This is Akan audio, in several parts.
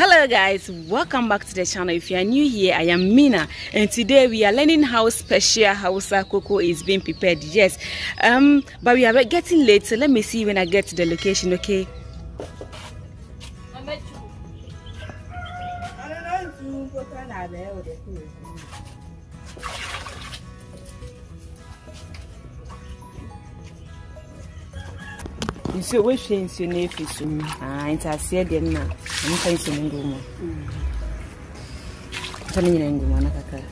hello guys welcome back to the channel if you are new here i am mina and today we are learning how special hausa cocoa is being prepared yes um but we are getting late so let me see when i get to the location okay You wohwie which no afi so mu ah, nti aseɛ deɛ no na umufanyisa umuntu umwe utamenye naye ngumwana kakara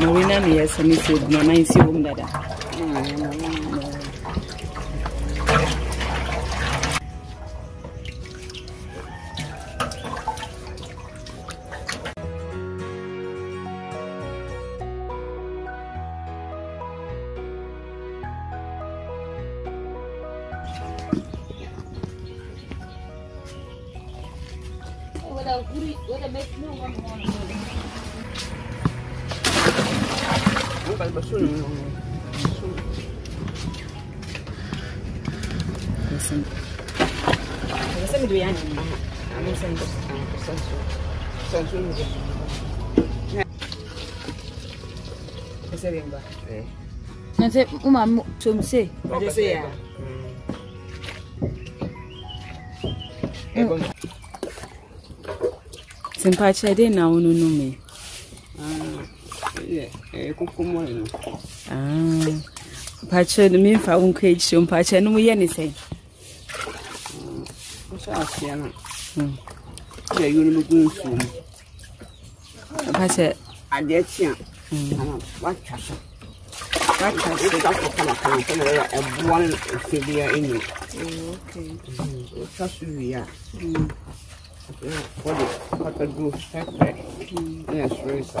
mawinami yasamisi mama insiwumdada 빨리 막 소리 Send me an email. I'm going to send you. Send you. Send you. Send you. Send you. Nanti uma tumse. Ada saya. Sempacha de na onu nume. Ah mpakyɛ no memfa wo nkɔ akyirɛ mpakyɛ no moyɛ ne sɛn mpakyɛ adeɛ tea watwa so watwa so kakɔkamakamakanayɛ ɛboa no ɛfɛ bia ɛnyɛ wotwa so wie a wɔde kakaduro sɛprɛ ne ɛsoro nsa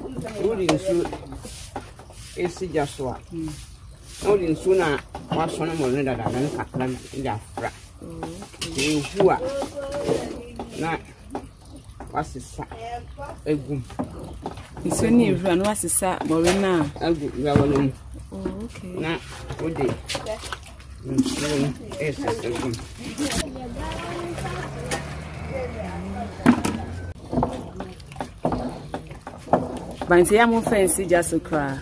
wode nsuo ɛsi gya so a na wode nsuo no na dada no kakra de afra na a na wasesa sa m nsuo ne ɛwura no wasesa mmɔre no a agu wurawa no oh, na wode nsuo no ɛsesa agu papa nti ya mo fɛn si gya so koraa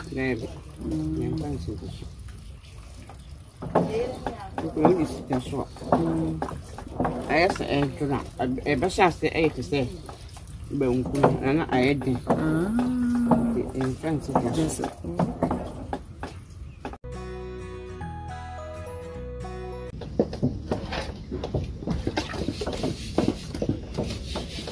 ɛyɛ sika ase ɛyɛ te sɛ banku ɛna ɛyɛ den nti ɛmfa nsi gya so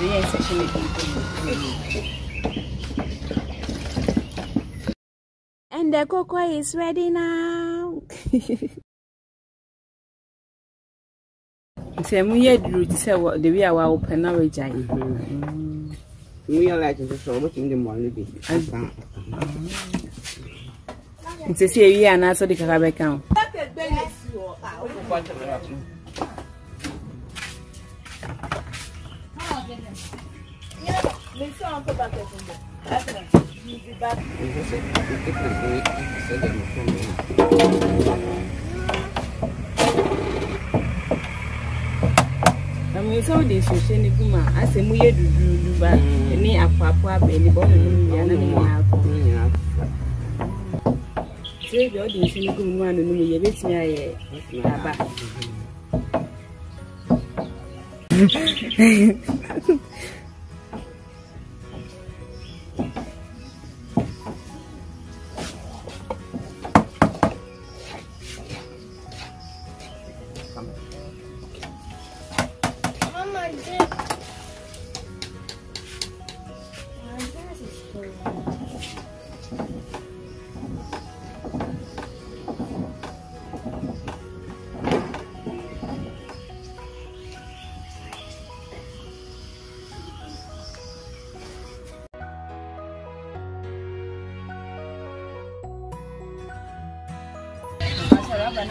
yes, And the cocoa is ready now. Nti mu yɛ duro ti sɛ wɔ debi a wɔawopɛ na wɔagya yi. Mu the light nso so wɔbɛtumi de mmɔre bi. Nti sɛ ewie anaasɛ de kaka Make sure I put back there from there. That's right. You'll be back. You can say, I can take the break. Send them from me. Mwen sɛ wode nsuohyɛ no gu mu a asɛ mu yɛ dudurudu ba ne apoapo abaani bɔ ɔno nom nyinaa na ne nyinaa kɔ sɛ bia wode nsuo no gu mu a no nom yɛbɛtumi ayɛ aba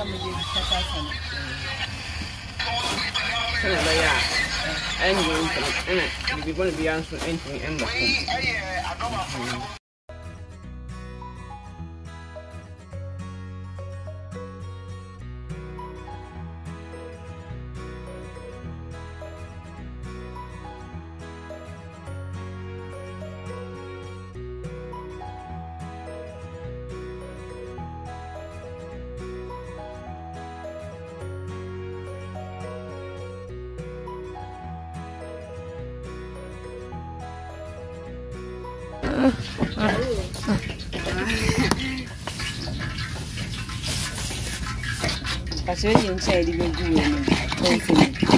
Something like you are going to be answering anything, endlessly. 把水现在定居了，对，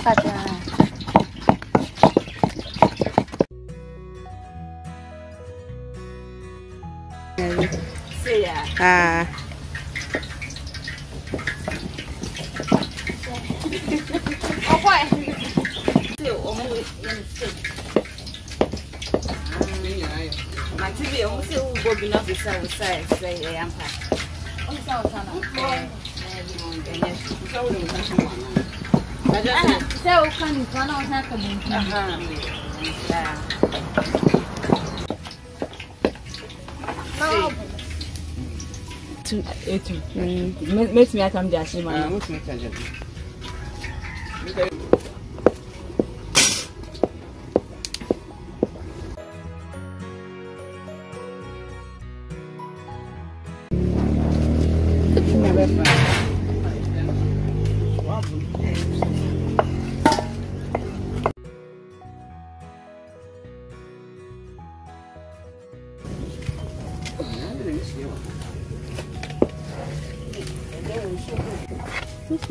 大家。啊。好坏。对，我们嗯对。Mati bi ehun si ewu bobi na fi sa wosa ese eya mpa. O sa wosa na. Ana sɛ woka nipa na wɔsan ka buntum. Etu. Mɛtumi atam de ahyɛ mu ana. Mɛtumi atam de ahyɛ mu.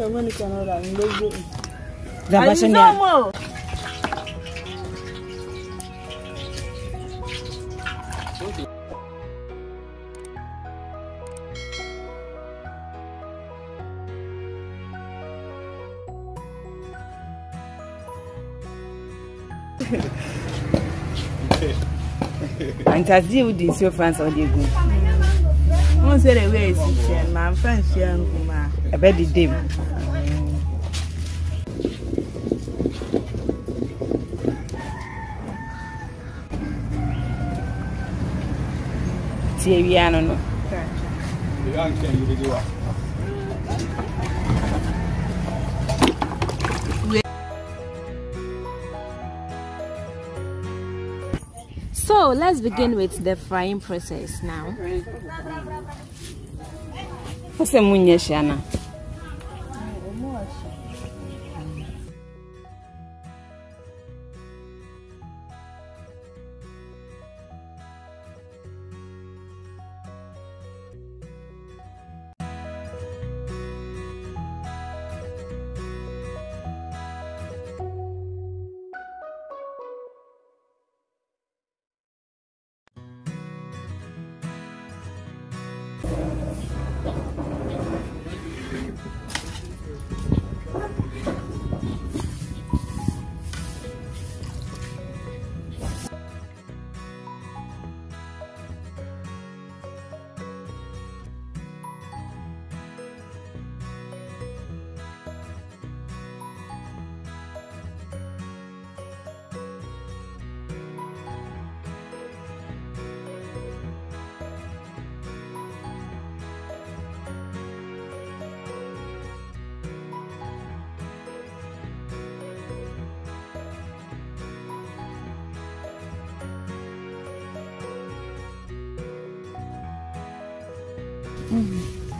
gaba sun da and as you did so France all the go. Once away is it, my friend, she and Kuma. I dame. Xavierano no. So let's begin with the frying process now. What's the munyashana?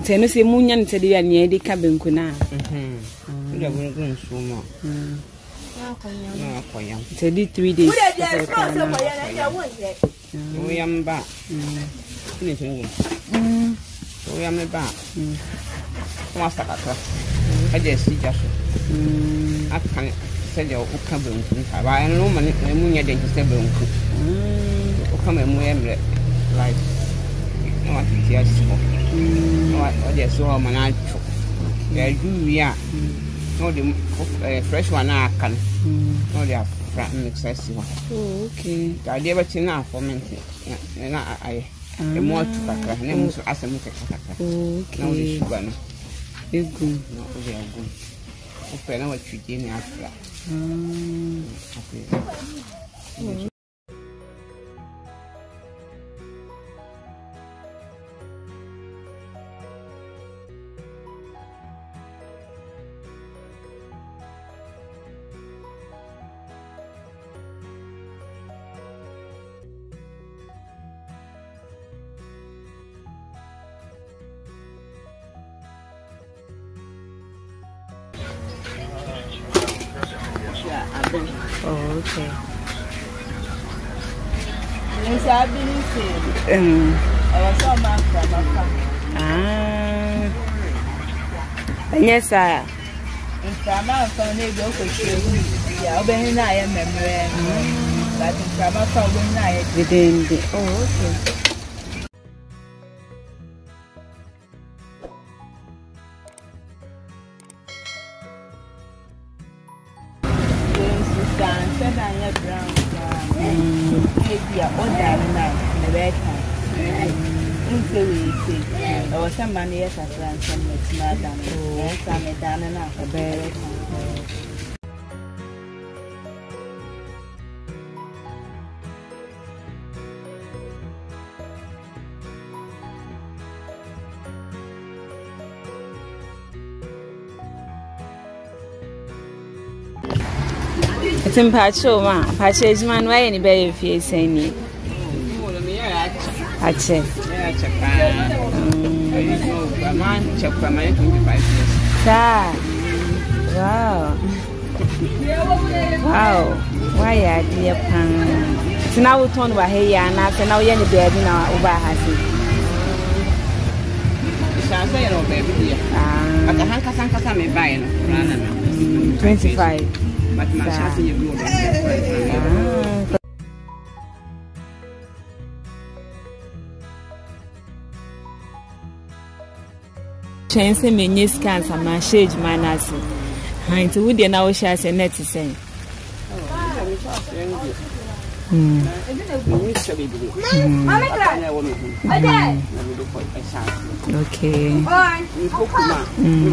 nti ɛno sɛ munya no sɛdeɛ a neɛ de ka benku no a tɛde three days so mm. mm. mm. aka sɛdeɛ woka banku ɛno no mu nyɛ dɛ nkyɛ sɛ banku woka ma mu yɛ life na watete asi hɔ na ɔde ɛso hɔ ma no atwo yɛaduwie a na ɔde fresh one a aka no na ɔde afra mix asi hɔ adeɛ bɛkye no afɔ me nte na ayɛ ɛmu atu kakra na ɛmu nso asɛ mu kakra na wode suga no egu na wode agu wopɛ na watwidie ne afra Oh, okay. Mm. Ah. Yes, sir. Nkrama afa na ebi ọkọ ekyir ewu ya ọbẹni na ayẹ mmẹmẹrẹ. But nkrama afa ọbẹni na ayẹ. Dede ndi. Oh, okay. mma no yɛ kakra nsɛm matumi ada no adwuma no wayɛ ne bɛyɛ fie sɛn nie akyɛ Chakraman, Chakraman 25 years. Sir. Wow. wow. Why are you pan? So now we turn over here and after now you're in the bed now over here. Shansa yɛ no baabi deɛ. Bata hankasa me baeɛ no, kura na ah. na. Mm, Twenty five. Bata kyɛn sɛ menye scans amahyɛ adwuma no ase nti wodeɛ na wohyɛ ase na ɛte sɛn Okay. Mm.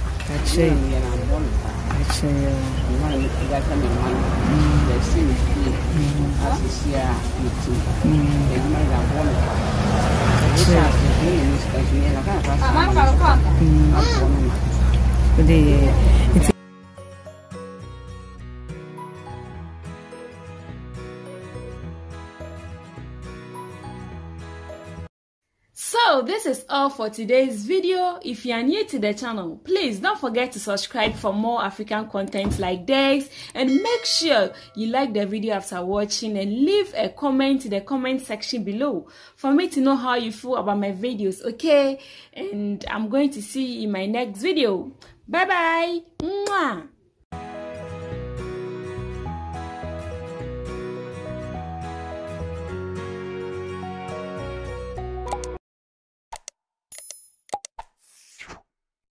kaca kaca mana nak tinggalkan yang mana dari sini hmm. asisia hmm. itu jadi mana yang boleh kaca kaca hmm. ini mesti kaca ni lah kan kaca mana kalau kau jadi this is all for today's video if you are new to the channel please don't forget to subscribe for more african content like this and make sure you like the video after watching and leave a comment in the comment section below for me to know how you feel about my videos okay and i'm going to see you in my next video bye bye Mwah!